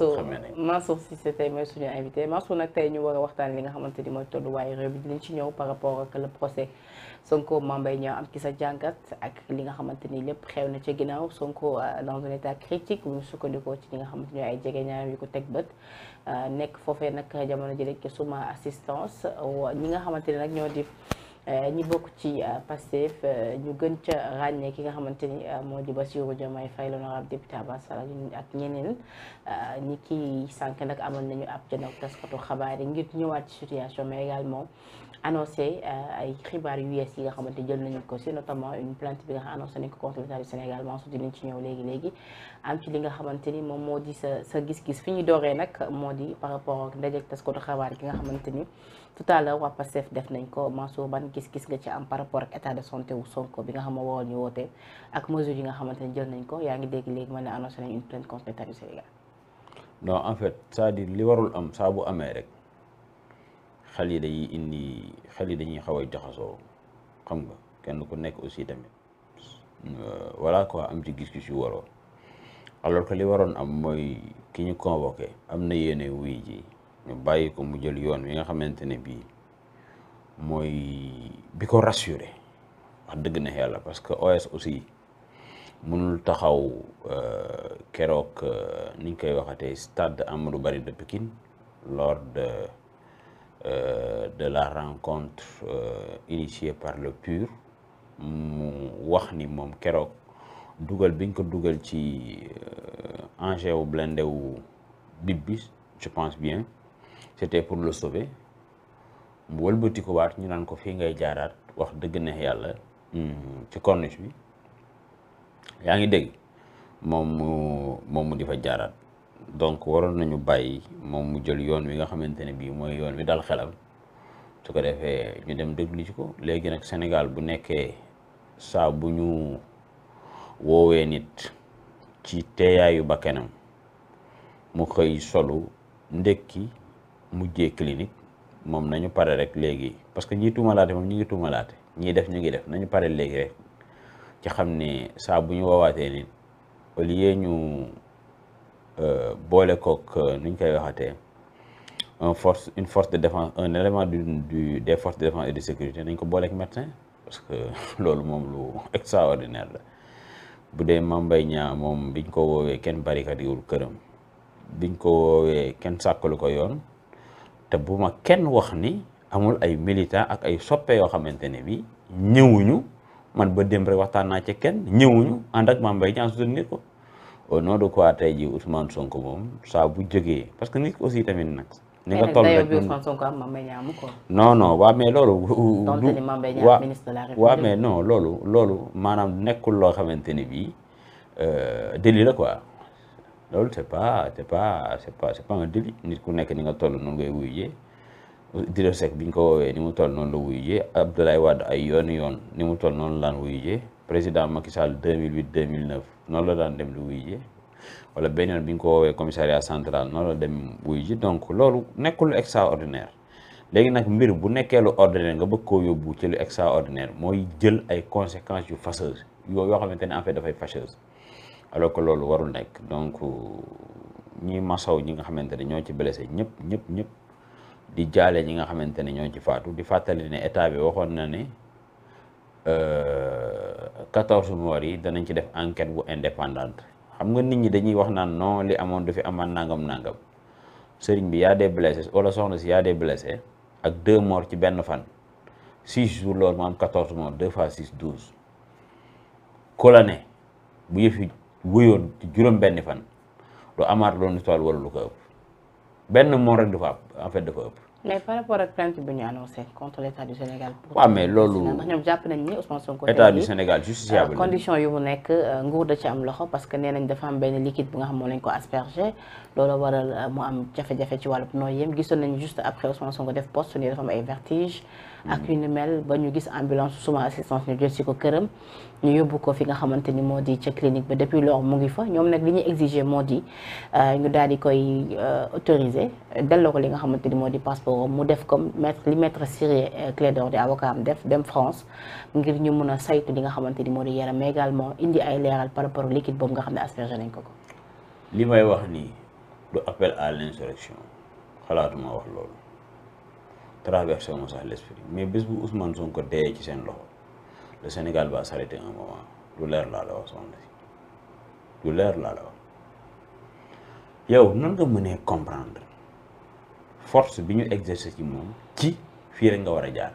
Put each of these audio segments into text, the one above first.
Mansour Mansour Cissé tey mooy suñu invité Mansour nag tey ñu war waxtaan li nga xamante ni mooy tolluwaayu réew bi dinañ ci ñëw par rapport ak le procès Sonko Mame Mbaye am ci sa jàngat ak li nga xamante ni lépp xew na ca ginnaaw Sonko euh, dans un état critique bu sukkandikoo ci ñi nga xamante ni ay jege ñaar yu ko teg bët euh, nekk foofee nag jamono ji rek suma assistance ñi nga xamante ni nag ñoo di Euh, ñi bokk ci euh, Pastef euh, ñu gën ca ràññee ki nga xamante ni moo di Bassirou Diomaye Faye l'honorable député Abbas Sall ak ñeneen ñi kii sànq nag amoon nañu ab janook taskatu xabaar yi ngir ñëwaat ci situation mais également annoncé ay xibaar yu yees yi nga xamante jël nañu ko si notamment une plainte bi nga xam annoncé nañ ko contre l'État ci ñëw léegi léegi li nga xamante ni moom moo di sa sa gis-gis fi ñu dooree nag moo di par rapport ak ndaje taskatu xabaar ki nga xamante ni tout à l'heure waa def nañ ko Mansour ban gis-gis nga ci am par rapport ak état de santé wu Sonko bi nga xam ne wowal ñu woote ak mesures yi nga xamante ne jël nañ ko yaa ngi dégg léegi ma ne annoncé nañ en fait cest à li warul am saa bu amee rek xel yi dañuy indi xel yi dañuy xaw a jaxasoo xam nga kenn ku nekk aussi tamit euh, voilà quoi am ci gis-gis yu waroon alors que li waroon am mooy ki ñu convoqué am na yéene wuy ji bàyyi ko mu jël yoon wi nga xamante ne bii mooy bi ko rassuré wax dëgg na yàlla parce que OS aussi mënul taxaw euh, keroog euh, niñ koy waxatee stade Amadou Barry de Pikine lors de euh, de la rencontre initiée par le PUR mu wax ni moom keroog dugal biñ ko dugal ci engin wu blindé wu bib je pense bien c'était pour le sauver mu wëlbati ko waat ñu naan ko fii ngay jaaraat wax dëgg neex yàlla hmm, ci corniche bi yaa ngi dégg moom mu mu di fa jaaraat donc waroon nañu bàyyi moom mu jël yoon wi nga xamante ne bii mooy yoon wi dal xelam su ko defee ñu dem déglu ci ko léegi nag Sénégal bu nekkee saa bu ñu woowee nit ci teeyaayu bakkanam mu xëy solu ndekki mujjee clinique moom nañu pare rek léegi parce que ñiy tuumalaate moom ñi ngi tuumalaate ñiy def ñu ngi def nañu pare léegi rek ci xam ni saa bu ñu woowaatee nit au lieu ñu euh, boole kook euh, nuñ koy waxatee un force une force de défense un élément du du des de défense et de sécurité nañ ko booleek médecin parce que loolu moom lu extraordinaire la bu dee Mame Mbaye Niang moom biñ ko woowee kenn barikadiwul këram biñ ko woowee kenn sàkkalu ko yoon te bu ma kenn wax ni amul ay militant ak ay soppe yoo xamante ne bi ñëwuñu man ba démb rek waxtaan naa ci kenn ñëwuñu ànd ak Mame Mbaye Niang soutenir ko au nom tey jii Ousmane Sonko moom saa bu jógee parce que nit aussi tamit nag. ni nga toll rek non non waa mais loolu. du waa waa mais non loolu loolu maanaam nekkul loo xamante ne bii euh, déli la quoi. loolu c'est pas c'est pas c'est pas c'est pas nit ku nekk ni nga toll noonu ngay wuyu jee Idrissa Seck biñ ko woowee ni mu toll noonu la wuyu jee Abdoulaye Wade ay yoon yoon ni mu toll noonu laan wuyu jee président Macky Sall 2008 2009 noonu la daan dem di wuyu jee wala benn bi ñu ko woowee commissariat central noonu la dem wuyu ji donc loolu nekkul lu extraordinaire léegi nag mbir bu nekkee lu ordinaire nga bëgg koo yóbbu ci lu extraordinaire mooy jël ay conséquences yu fâcheuses yoo yoo xamante ne en fait dafay fâcheuse alors que loolu warul nekk donc ñi masaw ñi nga xamante ne ñoo ci blessé ñëpp ñëpp ñëpp di jaale ñi nga xamante ne ñoo ci faatu di fàttali ne état bi waxoon na ne euh, quatorze morts yi danañ ci def enquête bu indépendante xam nga nit ñi dañuy wax naan non li amoon du fi amaan nangam nangam sëriñ bi y a des blessés wala soxna si y a des blessés ak deux morts ci benn fan six jour loolu mu am quatorze morts deux fois six douze ku la ne bu yëf wéyoon ci juróom-benni fan lu amaat doon histoire wala lu ko ëpp benn moom rek dafa am en fait dafa ëpp. mais par rapport ak plainte bi ñu annoncé contre l' du Sénégal. waaw loolu ndax ñoom jàpp nañ ni Ousmane Sonko. état du Sénégal justiciable euh, condition yu mu nekk euh, nguur da ci am loxo parce que nee nañ dafa am benn liquide bu nga xam moo lañ ko aspergé loolu waral euh, mu am jafe-jafe ci wàllub nooyeem gisoon nañ juste après Ousmane Sonko def poste ni dafa am ay vertige. ak yu mel ba ñu gis ambulance suma assistance ñu jël si ko këram ñu yóbbu ko fi nga xamante ni moo di ca clinique ba depuis lors mu ngi fa ñoom nag li ñu exiger moo di euh, ñu daal di koy euh, autoriser delloo ko li nga xamante ni moo di passeport mu def comme maître li maître Ciré euh, Clédor di avocat am def dem France ngir ñu mën a saytu li nga xamante ni moo di yaram mais également indi ay leeral par rapport liquide boobu nga xam ne asperger nañ ko ko. li may wax nii du appel traversé ma sax l'esprit mais bés bu Ousmane Sonko dee ci seen loxo le Sénégal va s'arrêter un moment lu leer laa la wax soxna si lu leer laa la wax yow nan nga mënee comprendre force bi ñu exercer ci moom ci fii rek nga war a jaar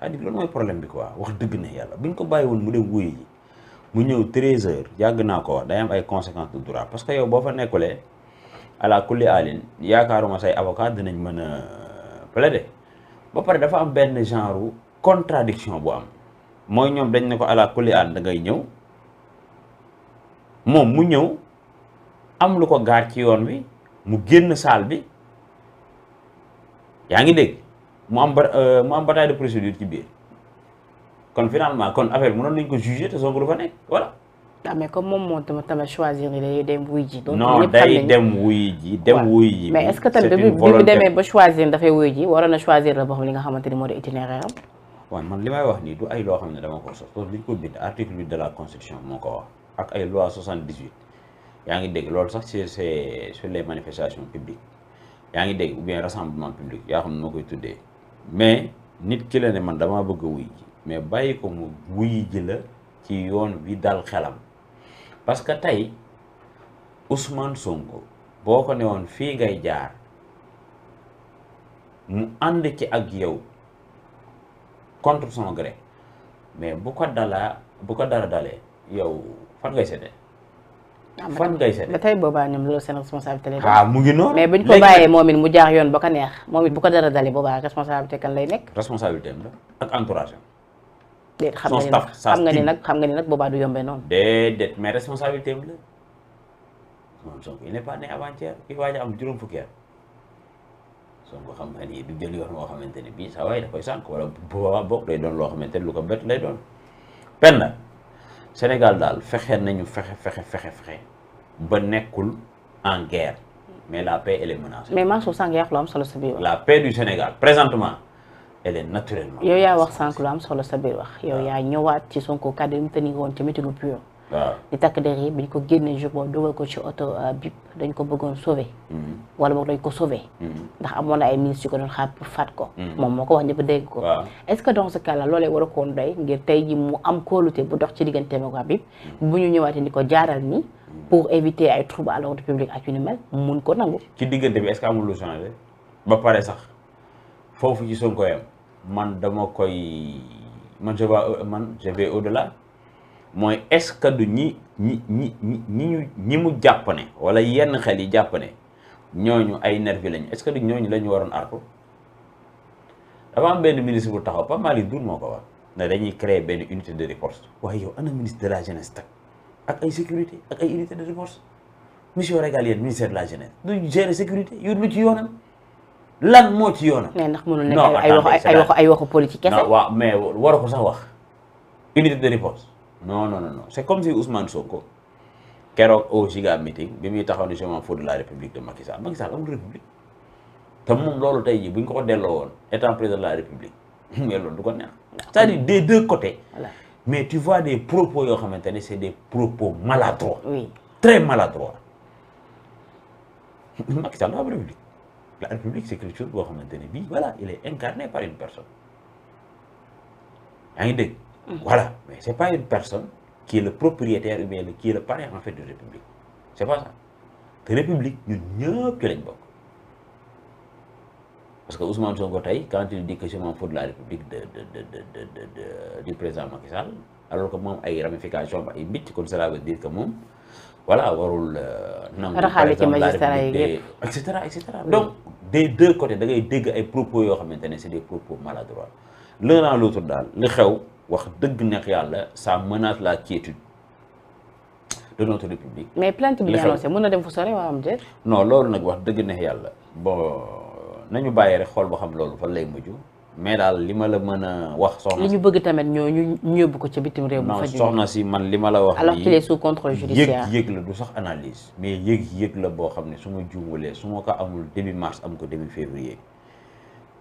cest à loolu mooy problème bi ko quoi wax dëgg na yàlla buñ ko bàyyi woon mu dem wuyu ji mu ñëw 13 heures yàgg naa ko wax day ay conséquences de droit parce que yow boo fa nekkulee ala kulli alin yaakaaruma say avocat dinañ mën a plaider ba pare dafa am benn genre contradiction bu am mooy ñoom dañ ne ko ala kulli alin da ngay ñëw moom mu ñëw am lu ko gaar ci yoon wi mu génn saal bi yaa ngi dégg mu am ba euh, mu am bataille de procédure ci biir kon finalement kon affaire bi mënoon nañ ko juger te Sonko du fa nekk voilà ah mais comme moom moo tamit choisir ni ji. donc non day dem wuy ji dem wuy ji. mais est-ce que tamit bi bi demee ba choisir dafay wuy ji waroon na choisir la boo xam nga xamante ni moo di itinéraire li may wax nii du ay loo xam ne dama ko sos parce la constitution moo ko wax ak ay loi 78 yaa ngi dégg loolu sax c'est c'est sur les manifestations publiques yaa ngi dégg ou bien rassemblement public yaa xam ne moo koy tuddee mais nit ki la ne man damaa bëgg a wuy ji mais bàyyi ko mu wuy ji la ci yoon wi dal xelam. parce que tey usman Sonko boo ko newoon fii ngay jaar mu ànd ci ak yow contre son gré mais bu ko dalaa bu ko dara dalee yow fan ngay seete ah, fan ngay seete ba tey boobaa ñoom loolu seen responsabilité lay ah mu ngi noonu mais buñ ko bàyyee moom mu jaar yoon ba ko neex moom it bu ko dara dalee boobaa responsabilité kan lay nekk responsabilité am la ak entourage déet xam nga ni xam nga ni nag xam nga ni nag boobaa du yombee noonu. déedéet mais responsabilité am la moom Sonko il waaj am juróom fukki at Sonko xam nga ni du jël yoon moo xamante ne bii saa da koy sànq wala boobaa bokk doon loo xamante ne lu ko bett lay doon. pen na Sénégal daal fexee nañu fexe fexe fexe fexe ba nekkul en guerre mais la paix elle est mais maa suuf sànq yaa am solo sa biir. la paix du Sénégal présentement. elle est naturellement. yow yaa wax sànq lu am solo sa wax. yow yaa ñëwaat ci Sonko kàddu yi ci meeting pur. waaw takk der yi biñ ko génnee jour boobu dugal ko ci oto euh, dañ ko bëggoon sauver. Mm-hmm. wala boog dañ ko sauver. Mm-hmm. ndax amoon na ay ministres yu pour faat ko. Mm-hmm. moom moo ko wax ñëpp dégg ko. est ce que dans ce cas là loolee war tey ji mu am kóolute bu dox ci digganteem ak waa bu ñu ñëwaatee ni ko jaaral ni pour éviter ay trouble à l'ordre public ak mun ko nangu. ci diggante bi est ce que amul lu changé ba pare sax foofu ci Sonko yam man dama koy man je vais man je vais au-delà mooy est-ce que du ñi ñi ñi ñi ñu ñi mu jàpp ne wala yenn xel yi jàpp ne ñu ay nervi lañu est-ce que du ñooñu la ñu waroon artu dafa am benn ministre bu taxaw Pape Malick Dour moo ko wax ne dañuy créer benn unité de riposte waaye yow ana ministre de la jeunesse tak ak ay sécurité ak ay unité de riposte mission régalienne ministère de la jeunesse du gérer sécurité yu lu ci yoonam lan moo ci yoonam. mais ndax mënul nekk ay waxu ay waxu ay waxu politique kese. non waaw mais waru wax unité de réponse non no non c'est comme si Ousmane Sonko keroog au giga meeting bi muy taxaw ni je m'en la république de Macky Sall Macky Sall amul république te loolu tey jii bu ñu ko ko delloo woon étant de la république mais loolu du ko neex c'est-à-dire des deux côtés. mais vois des propos yoo xamante ne c'est des propos maladroits. oui très maladroits Macky Sall amul république. la république c'est boo xamante ne bii voilà il est incarné par une personne yaa ngi dégg mm. voilà mais c'est pas une personne qui est propriétaire ou bien le kii la le parrain en fait de république c'est pas ça te république ñun ñëpp ci lañ bokk parce que Ousmane Sonko tey quand il dit que je m'en fous de la république de de de de de de du président Macky Sall alors que moom ay ramifications ay mbicc kon cela veut dire que moom voilà warul nangu par exemple la république des deux côtés da ngay dégg ay propos yoo xamante ne c'est des propos maladroits l'un dans l'autre daal li xew wax dëgg neex yàlla ça menace laa quiétude de notre république. mais plainte bi ñu annoncé mën a dem fu sore waa am déet. loolu nag wax dëgg neex yàlla boo nañu bàyyee rek xool boo xam loolu fan lay mujj. mais daal li ma la mën a wax. soxna li ñu bëgg tamit ñooñu ñu yóbbu ko ca bitim réew. bu fa non si man li ma la wax. alors qu'il est sous contrôle judiciaire yëg yëg la du sax analyse. mais yëg yëg la boo xam ne su ma juumalee su ma ko amul début mars am ko début février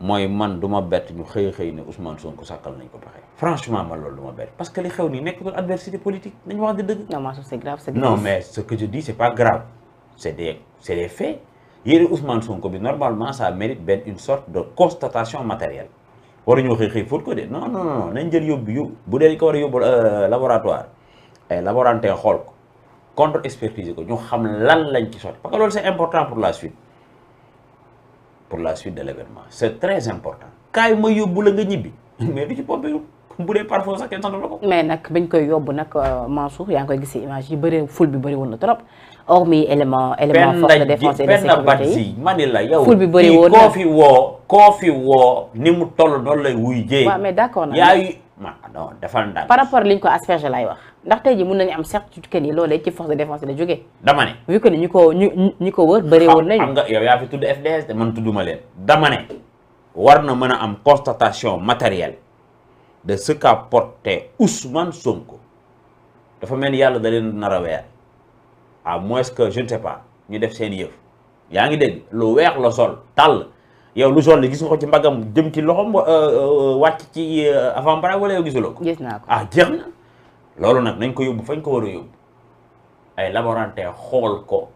mooy man du ma bett ñu xëy xëy ne Ousmane Sonko sàkkal nañ ko pexe franchement man loolu du ma bett parce que li xew nii nekkatul adversité politique nañu wax di dëgg. non c' est grave c' est grave. non mais ce que je dis bi normalement ça mérite benn une sorte de constatation matérielle waruñu xëy xëy fóot ko de non non non nañ jël yóbbu yóbbu bu dee ko war a yóbbu euh, laboratoire ay laborantin xool ko contre expertise ko ñu xam lan lañ ci sotti parce que loolu c'est important pour la suite pour la suite de l'événement c'est très important kaay ma yóbbu la nga ñibbi mais du ci pompe bu dee parfois sax kenn sant la ko. mais nag bañ koy yóbbu nag euh, Mansour yaa ngi koy gisee image yi bëree ful bi bëri woon na trop hormis élément élément force de défense et de sécurité yi mani la yow ful bi bëri woon na koo fi woo koo fi woo ni mu toll noonu lay wuy jee. waaw mais d' accord nag yaa yu non defal ndànk par rapport liñ ko asperger lay wax ndax tey ji mun nañu am certitude que ni loolee ci force de défense la jógee. dama ne ñu ko ñu ko wër bëree woon nañu. xam nga yow yaa fi tudd FDS de man damane war na mën a am constatation matérielle de ce qu'a porté Ousmane Sonko dafa mel ni yàlla da leen a weer à moins que je ne sais pas ñu def seen yëf yaa ngi dégg lu weex la sol tàll yow lu sol la gis ko ci mbagam jëm ci loxom euh, euh, wàcc ci euh, avant-bras wala yow gisuloo ko. gis naa ko ah jeex na loolu nag nañ ko yóbbu fañ ko war yóbbu ay laborantin xool ko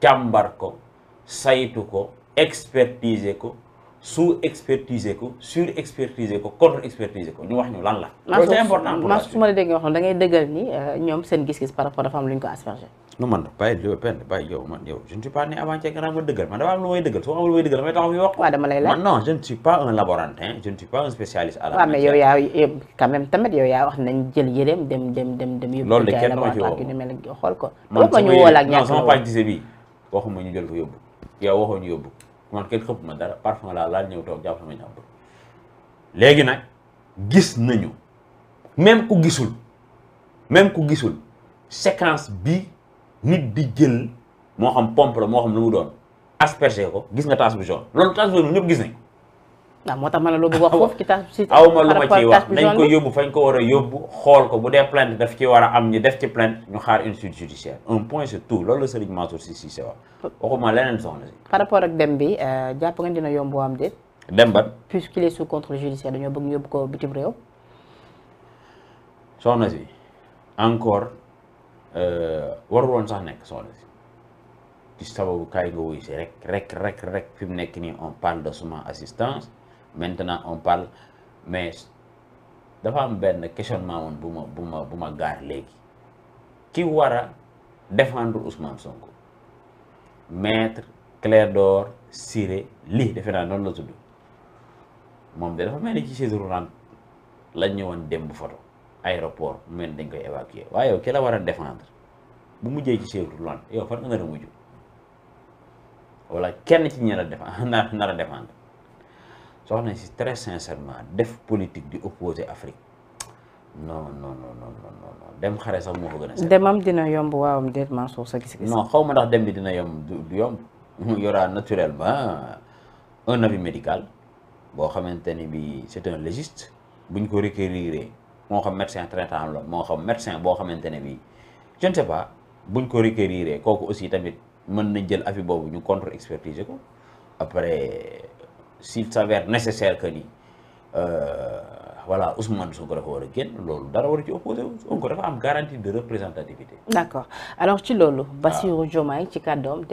càmbar ko saytu ko expertiser ko. sous expertiser ko sur expertiser ko contre expertiser ko ñu wax ñu lan la. loolu su ma la déggee wax noonu da ngay dëggal ni euh, ñoom seen gis-gis par rapport dafa am lu ñu ko asperger. non man bàyyi yow benn bàyyi yow man yow je ne pas né avant-hier nga dëggal man dafa am lu may dëggal soo amul lu may taxaw fi wax. dama lay laaj man yaa quand même tamit yow yaa wax nañ jël yëreem dem dem dem dem. loolu de kenn ma ci woo xool ko. man sama non sama waxuma ñu jël ko yóbbu yow waxoo ñu yóbbu man kenn xëpp ma dara parfum laa laal ñëw toog jàpp sama ñàmbur léegi nag gis nañu même ku gisul même ku gisul séquence bi nit di jël moo xam pompe la moo xam lu mu doon asperger ko gis nga taas bu jaune loolu taas bu jaune gis nañ waaw moo tax ma ne loo bëgg wax foofu ci tax si aw ma lu ma ciy wax nañ ko yóbbu fañ ko war a yóbbu xool ko bu dee plainte daf ci war a am ñu def ci plainte ñu xaar une suite judiciaire un point c'est tout loolu la Serigne Mansour Sy Cissé wax waxuma leneen soxna si par rapport ak dem bi euh, jàpp nga dina yomb am déet dem ban puisqu'il est sous contrôle judiciaire dañoo bëgg ñu yóbbu ko bitim réew soxna si encore euh, warul woon sax nekk soxna si ci sababu kaay nga wuy si rek rek rek rek fi mu nekk nii on parle de suma assistance maintenant on parle mais dafa am benn questionnement woon bu ma bu ma bu ma gaar léegi ki war a défendre Ousmane Sonko maître Clédor sire Ly defe naa noonu la tudd moom de dafa mel ni ci chaise roulante la ñëwoon démb photo aéroport mu mel dañ koy évacuer waaye yow la war a défendre bu mujjee ci chaise roulante yow fan nga nar a mujj wala kenn ci ñi la nar a défendre soxna si très sincèrement def politique di opposer Afrique non no non non non non dem xare sax moo ko gën a. demam dina yomb waawam déet Mansour sa gis-gis. non xaw ma ndax dem bi dina yomb du yomb mu yora naturellement un avis médical boo xamante ni bi c'est un légiste buñ ko requérir moo xam médecin traitant la moo xam médecin boo xamante ne bi je ne pas buñ ko requérir kooku aussi tamit mën nañ jël afi boobu ñu contre expertiser ko s'il s'avère nécessaire que ni euh, voilà Ousmane Sonko dafa war a génn loolu dara war a ci opposé wu Sonko dafa am garantie de représentativité. d'accord alors ci loolu. waaw ah. Bassirou Diomaye ci kàddoom